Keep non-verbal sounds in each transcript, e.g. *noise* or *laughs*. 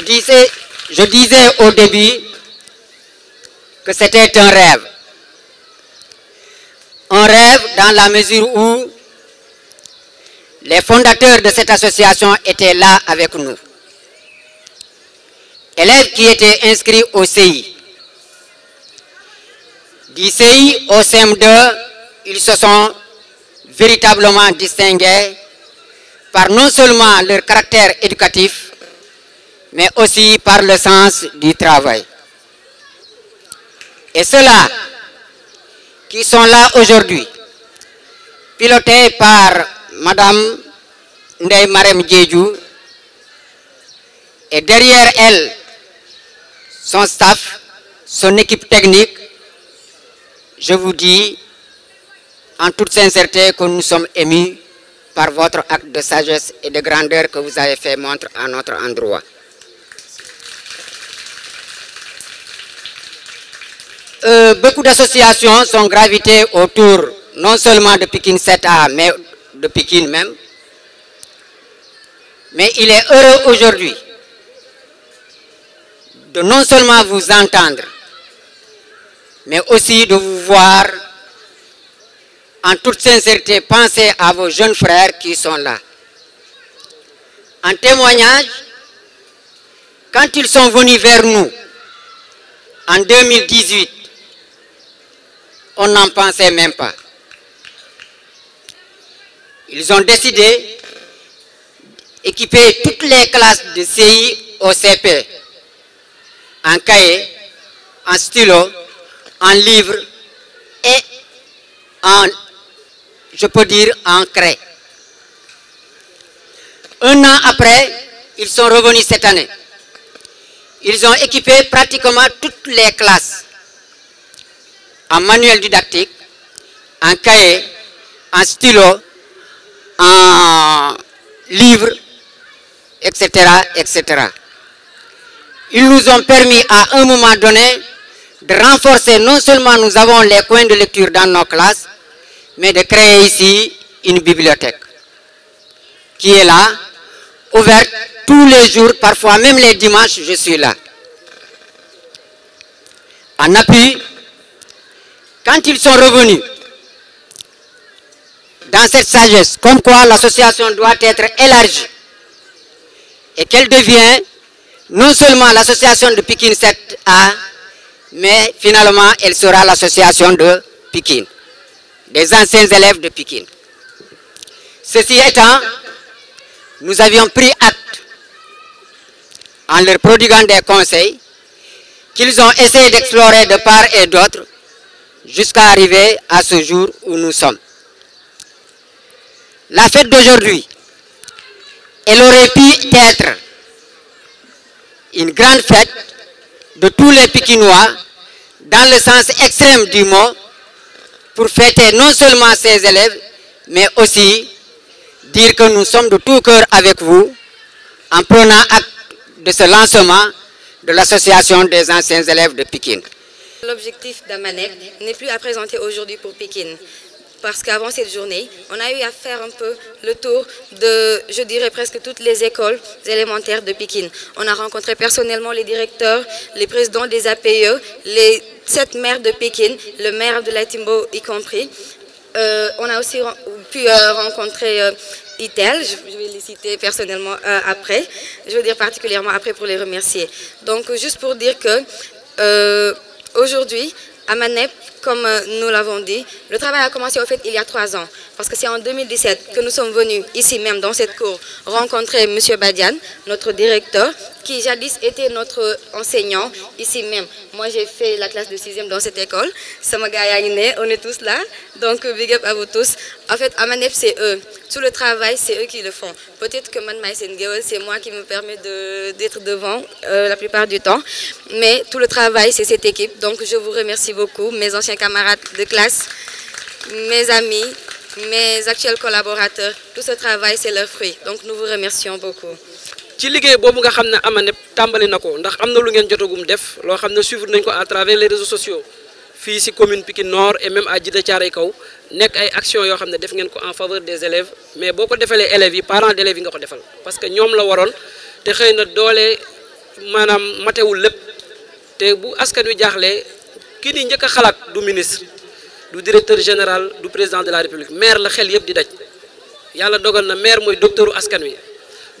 Je disais, je au début que c'était un rêve. Un rêve dans la mesure où les fondateurs de cette association étaient là avec nous. Élèves qui étaient inscrits au CI. Du CI au CM2, ils se sont véritablement distingués par non seulement leur caractère éducatif, mais aussi par le sens du travail. Et ceux-là qui sont là aujourd'hui, pilotés par Madame Ndeye Marem Diédhiou, et derrière elle, son staff, son équipe technique, je vous dis en toute sincérité que nous sommes émus par votre acte de sagesse et de grandeur que vous avez fait montre à notre endroit. beaucoup d'associations sont gravitées autour seulement de Pékin 7A, mais de Pékin même. Mais il est heureux aujourd'hui de non seulement vous entendre, mais aussi de vous voir en toute sincérité penser à vos jeunes frères qui sont En témoignage, quand ils sont venus vers on n'en pensait même pas. Ils ont décidé d'équiper toutes les classes de CI au en cahier, en stylo, en livre et en, je peux dire, en craie. Un an après, ils sont revenus cette année. Ils ont équipé pratiquement toutes les classes en manuel didactique, en cahier, en stylo, en livre, etc., etc. Ils nous ont permis à un moment donné de renforcer, non seulement nous avons les coins de lecture dans nos classes, mais de créer ici une bibliothèque qui est là, ouverte tous les jours, parfois même les dimanches, je suis là. En appui Quand ils sont revenus dans cette sagesse, comme quoi l'association doit être élargie et qu'elle devient non seulement l'association de Pikine 7A, mais finalement elle sera l'association de Pikine, des anciens élèves de Pikine. Ceci étant, nous avions pris acte, en leur prodiguant des conseils, qu'ils ont essayé d'explorer de part et d'autre jusqu'à arriver à ce jour où nous sommes. La fête d'aujourd'hui, elle aurait pu être une grande fête de tous les Pikinois dans le sens extrême du mot pour fêter non seulement ses élèves, mais aussi dire que nous sommes de tout cœur avec vous en prenant acte de ce lancement de l'association des anciens élèves de Pékin. L'objectif d'Amanek n'est plus à présenter aujourd'hui pour Pékin. Parce qu'avant cette journée, on a eu à faire un peu le tour de, je dirais presque toutes les écoles élémentaires de Pékin. On a rencontré personnellement les directeurs, les présidents des APE, les sept maires de Pékin, le maire de Latimbo y compris. Euh, on a aussi pu euh, rencontrer euh, ITEL, je, vais les citer personnellement euh, après, je veux dire particulièrement après pour les remercier. Donc juste Aujourd'hui, à Manep, comme euh, nous l'avons dit, le travail a que c'est en 2017 que nous sommes venus ici même dans cette directeur, qui jadis était notre enseignant ici même. Moi, j'ai fait la classe de 6e dans cette école. on est tous là. Donc, big up à vous tous. En fait, Amanef, c'est eux. Tout le travail, c'est eux qui le font. Peut-être que Man c'est moi qui me permet d'être de, devant euh, la plupart du temps. Mais tout le travail, c'est cette équipe. Donc, je vous remercie beaucoup, mes anciens camarades de classe, mes amis, mes actuels collaborateurs. Tout ce travail, c'est leur ci liggéey boobu nga xam ne Amanep tàmbali na ko ndax am na lu ngeen jotagum def loo xam ne suivre nañ ko à travers les réseaux sociaux fii si commune Pikine Nord et même à Djiddah Thiaroye Kaw nekk ay actions yoo xam ne def ngeen ko en faveur des élèves mais boo ko defalee élèves yi parents d'élèves yi nga ko defal parce que ñoom la waroon te xëy na doole maanaam matewul lépp te bu askan wi jaaxlee kii ni njëkk xalaat du ministre du directeur général du président de la république maire la xel yëpp di daj yàlla dogal na maire mooy docteuru askan wi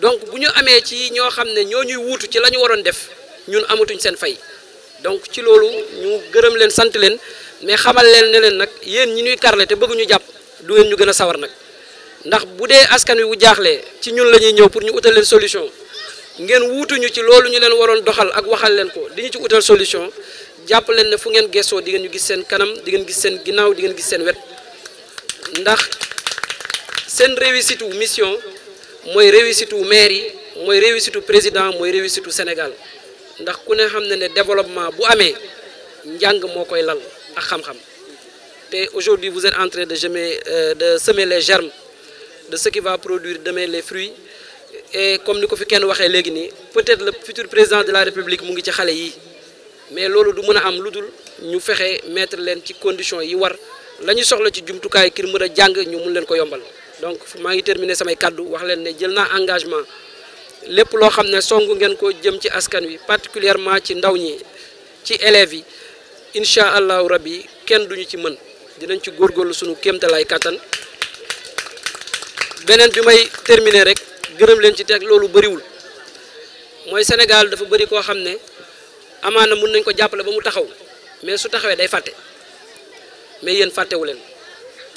donc bu ñu amee ci ñoo xam ne ñoo ñuy wuutu ci la ñu waroon def ñun amatuñ seen fay donc ci loolu ñu gërëm leen sant leen mais xamal leen ne leen nag yéen ñi ñuy karle te bëgguñu jàpp du ngeen ñu gën a sawar nag ndax bu dee askan wi bu jaaxlee ci ñun la ñuy ñëw pour ñu utal leen solution ngeen wuutuñu ci loolu ñu leen waroon doxal ak waxal leen ko di ñu ci utal solution jàpp leen ne fu ngeen gestoo di ngeen ñu gis seen kanam di ngeen gis seen ginnaaw di ngeen gis seen wet seen réussite wu mission mooy réussite wu maire yi mooy réussite président mooy réussite Sénégal ndax ku ne xam ne ne développement bu amee njàng moo koy lal ak xam-xam te aujourd'hui vous êtes en de semer euh, de semer les germes de ce qui va produire demain les fruits et comme ni ko fi kenn waxee léegi nii peut-être le futur président de la république mu ngi ci xale yi mais loolu du mën a am lu dul ñu fexe mettre leen ci conditions yi war la ñu soxla ci jumtukaay kir mën a jàng ñu mun leen ko yombal donc maa ngi terminé samay kàddu wax leen ne jël naa engagement lépp loo xam ne song ngeen ko jëm ci askan wi particulièrement ci ndaw ñi ci élèves yi incha allahu rabbi kenn ñu ci mën dinañ ci góor góorgóorlu suñu kéemtalaay kàttan beneen bi may terminé rek gërëm leen ci teg loolu bëriwul mooy Sénégal dafa bëri koo xam ne amaana mun nañ ko jàppale ba mu taxaw mais su taxawee day fàtte mais yéen fàttewu leen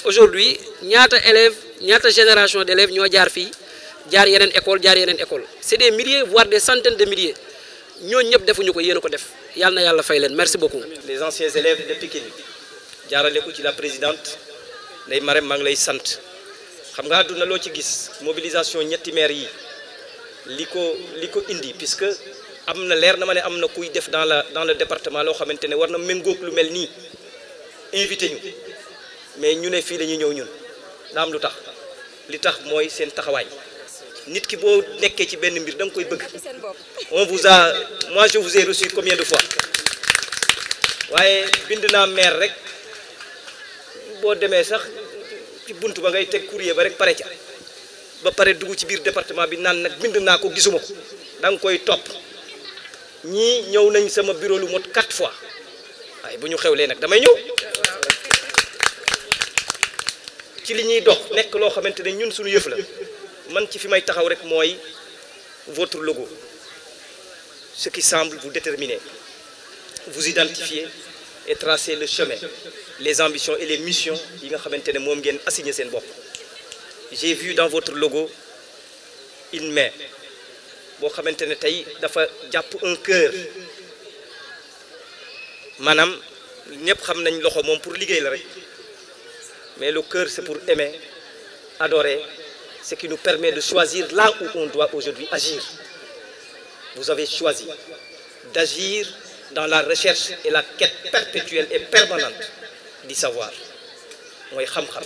aujourd'hui ñaata élèves ñaata génération d' élèves ñoo jaar fii jaar yeneen école jaar yeneen école c' est des milliers voire des centaines de milliers ñooñ ñëpp defuñu ko yéen ko def yàlla na yàlla fay leen merci beaucoup. les anciens élèves de Pikine jaarale ko ci la présidente Ndeye Marème mag lay sant xam nga àdduna loo ci gis mobilisation ñetti maire yi li ko li ko indi puisque am na leer na ma ne am na kuy def dans la dans le département loo xamante ne war na méngóog lu mel nii invité mais ñu ne fii dañuy ñëw ñun daa am lu tax li tax mooy seen taxawaañ nit ki boo nekkee ci benn mbir da nga koy bëgg on vous a moi je vous ai reçu waaye bind naa maire rek boo demee sax ci bunt ba ngay teg courrier ba rek pare ca ba pare dugg ci biir département bi naan nag bind naa ko gisuma ko danga koy topp ñi ñëw nañ sama bureau lu mot quatre fois waaye bu ñu xew xewlee nag damay ñëw ci li ñuy dox nekk loo xamante ne ñun suñu yëf la man ci fi may taxaw rek mooy votre logo ce qui semble vous déterminer vous identifier et tracer le chemin les ambitions et les missions yi nga xamante ne moom ngeen assigné seen bopp j'ai vu dans votre logo une main boo xamante ne tey dafa jàpp un cœur maanaam ñëpp xam nañ loxo moom pour liggéey la rek Mais le cœur, c'est pour aimer, adorer, ce qui nous permet de choisir là où on doit aujourd'hui agir. Vous avez choisi d'agir dans la recherche et la quête perpétuelle et permanente di savoir. mooy xam-xam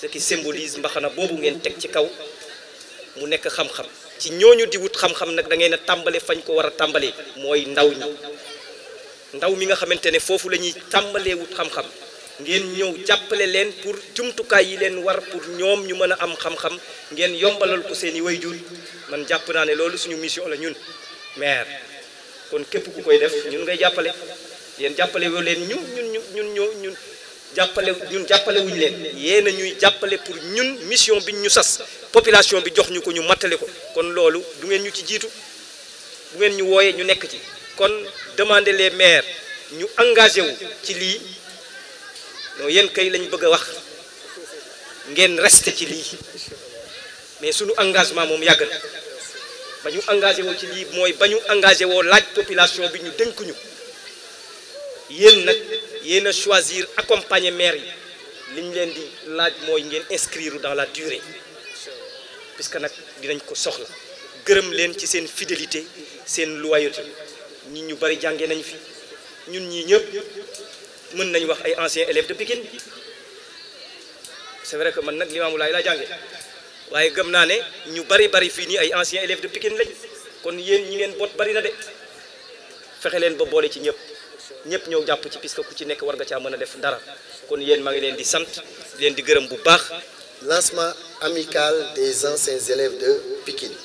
ce qui symbolise mbaxana boobu ngeen teg ci kaw mu nekk xam-xam ci ñooñu di wut xam-xam nag da ngeen a tàmbale fañ ko war a tàmbalee mooy ndaw ñi ndaw mi nga xamante ne foofu la ñuy tàmbalee wut xam-xam ngeen ñëw jàppale leen pour jumtukaay yi leen war pour ñoom ñu mën a am xam-xam ngeen yombalal ko seen way wayjur man jàpp naa ne loolu suñu mission la ñun maire kon képp ku koy def ñun ngay jàppale yéen jàppale leen ñu ñun ñu ñun ñoo ñun jàppale ñun jàppale leen yéen a ñuy jàppale pour ñun mission bi ñu sas population bi jox ñu ko ñu mattale ko kon loolu du ngeen ñu ci jiitu bu ngeen ñu wooyee ñu nekk ci kon demander les maires ñu engagé wu ci lii non yéen kay lañ bëgg a wax ngeen resté ci lii mais sunu engagement moom yàgg na ba ñu engagé woo ci lii mooy ba ñu engagé woo laaj population bi ñu dénk ñu yéen nag yéen a choisir accompagner maire yi liñ leen di laaj mooy ngeen inscrire dans la durée puisque nag dinañ ko soxla gërëm leen ci seen fidélité seen loyauté nit ñu bari jàngee nañu fi ñun ñii ñëpp. mën nañu wax ay anciens élèves de Pikine c'est vrai que man nag Limaamu Laay laa jànge waaye gëm naa ne ñu bari bari fii nii ay anciens élèves de Pikine lañ kon yéen ñi ngeen boot bari na de fexe leen ba boole ci ñëpp ñëpp ñëw jàpp ci puisque ku ci nekk war nga ca mën a def dara kon yéen maa ngi leen di sant di leen di gërëm bu baax. lancement amical des anciens élèves de Pikine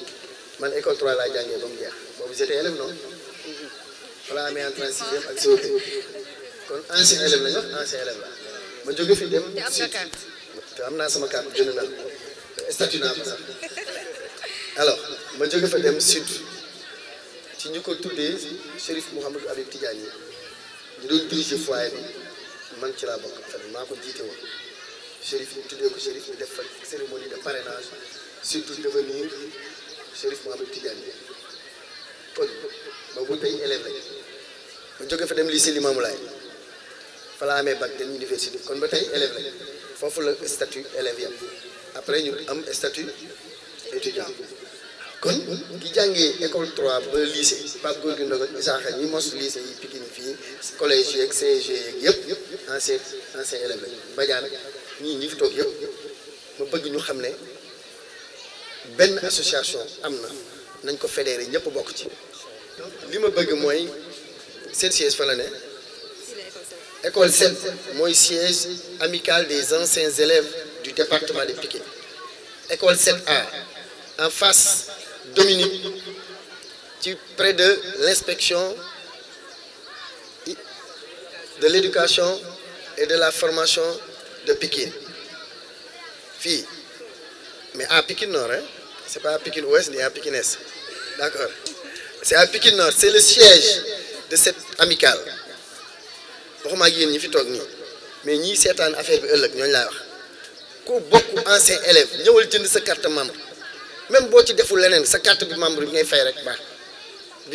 man école 3 laa jàngee ba mu jeex boobu j'étais élève noonu. voilà amee en kon ancien élève la nga ancien élève la ma jóge fi dem te am naa sama carte jënd naa statut naa ko sax alors ma jóge fa dem sud ci ñu ko tuddee Chérif Mouhamadou Habib Tidiane yi ñu doon dirigé foyer bi man ci laa bokk fan maa ko jiite woon Chérif ñu tuddee ko Chérif ñu def fa cérémonie de parrainage surtout devenir Chérif Mouhamadou Tidiane yi ma jóge fa dem lycée Limamoulaye fa la amee bac dem université kon ba tey élève la foofu la statut élève yam après ñu am statut étudiant kon ki jàngee école 3 ba lycée Pape Gorgui Ndogou Isaaxa ñi mos lycée yi Pikine fii collège yeeg CG yeeg yëpp yëpp ancien ancien élève lañ Badiane ñii ñi fi toog yëpp ma bëgg ñu xam ne benn association am na nañ ko fédéré ñëpp bokk ci li ma bëgg mooy seen siège fa la ne école 7 mooy siège amical des anciens élèves du département de Piquet école 7A en face Dominique ci près de l'inspection de l'éducation et de la formation de Pikine fii mais à Pikine Nord hein c'est pas à Pikine Ouest ni à Pikine Est d'accord c'est à Pikine Nord c'est le siège de cette amicale waxuma ak yéen ñi fi toog nii mais ñi seetaan affaire bi ëllëg ñooñu laay wax ku bokk ancien élève ñëwal jënd sa carte membre même boo ci deful leneen sa carte membre bi ngay fay rek baax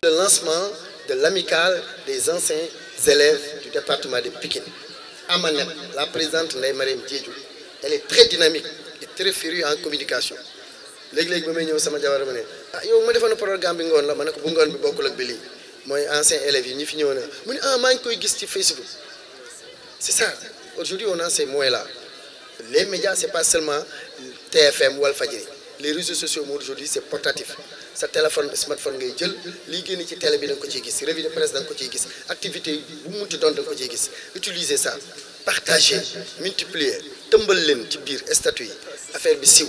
le lancement de l'amicale des anciens élèves du département de Pikine Amanet la présidente Ndeye Mariam Diédhiou elle est très dynamique et très férue en communication léegi-léegi ba may ñëw sama jabar ma ne ah yow ma defoon programme bi ngoon la ma ne ko bu ngoon bi bokkul ak bi lii mooy anciens élèves yi ñi fi ñëwoon mu ne ah maa ngi koy gis ci Facebook c'est ça aujourd'hui on a ces moyens-là les médias c'est pas seulement TFM Walfadjri les réseaux sociaux moo aujourd'hui c'est portatif sa téléphone smartphone ngay jël lii génn ci télé bi da nga ko ciy gis revue de presse da ko ciy gis activité bu mu munti doon ko ciy gis utiliser ça partager multiplier tëmbal leen ci biir statu yi affaire bi siw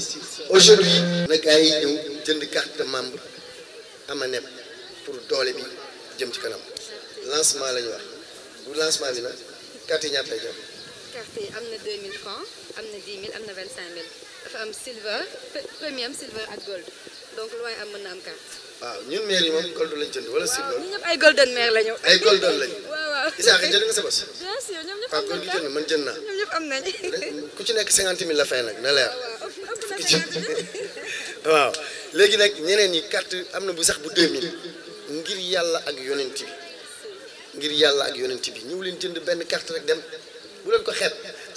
aujourd'hui na gars yi ñëw jënd carte membre ama pour doole bi jëm ci kanam lancement la ñu wax bu lancement bi nag carte yi ñaata lay jox. carte yi am na 2000 francs am na 10 am na 25 000 dafa am silver premium ak gold donc am na am carte. waaw ñun maire yi moom gold lañ jënd wala silver. waaw ñun ñëpp ay golden maire lañu. ay golden lañu. *laughs* waaw waaw Isaaxa jënd nga sa bos. bien sûr ñoom ñëpp jënd man jën naa. ñoom ñëpp am *laughs* ku ci nekk 50 000 la fay nag na leer. waaw *laughs* léegi nag ñeneen yi carte am na bu sax bu 2000. ngir yàlla ak yonent bi ngir yàlla ak yonent bi ñëw leen jënd benn carte rek dem bu leen ko xeeb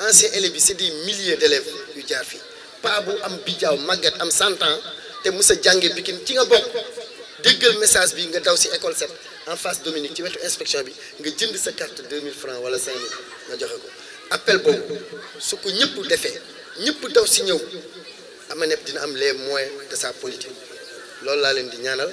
ancien élèves yi c'est des milliers d'élèves yu jaar fi pa bu am bijaaw màggat am cent ans te musa jànge Pikine ci nga bokk déggal message bi nga daw si école set en face Dominique ci wetu inspection bi nga jënd sa carte 2000 francs wala 5000 nga joxe ko appel boobu su ko ñëpp defee ñëpp daw si ñëw am ama nepp dina am les moyens de sa politique loolu laa leen di ñaanal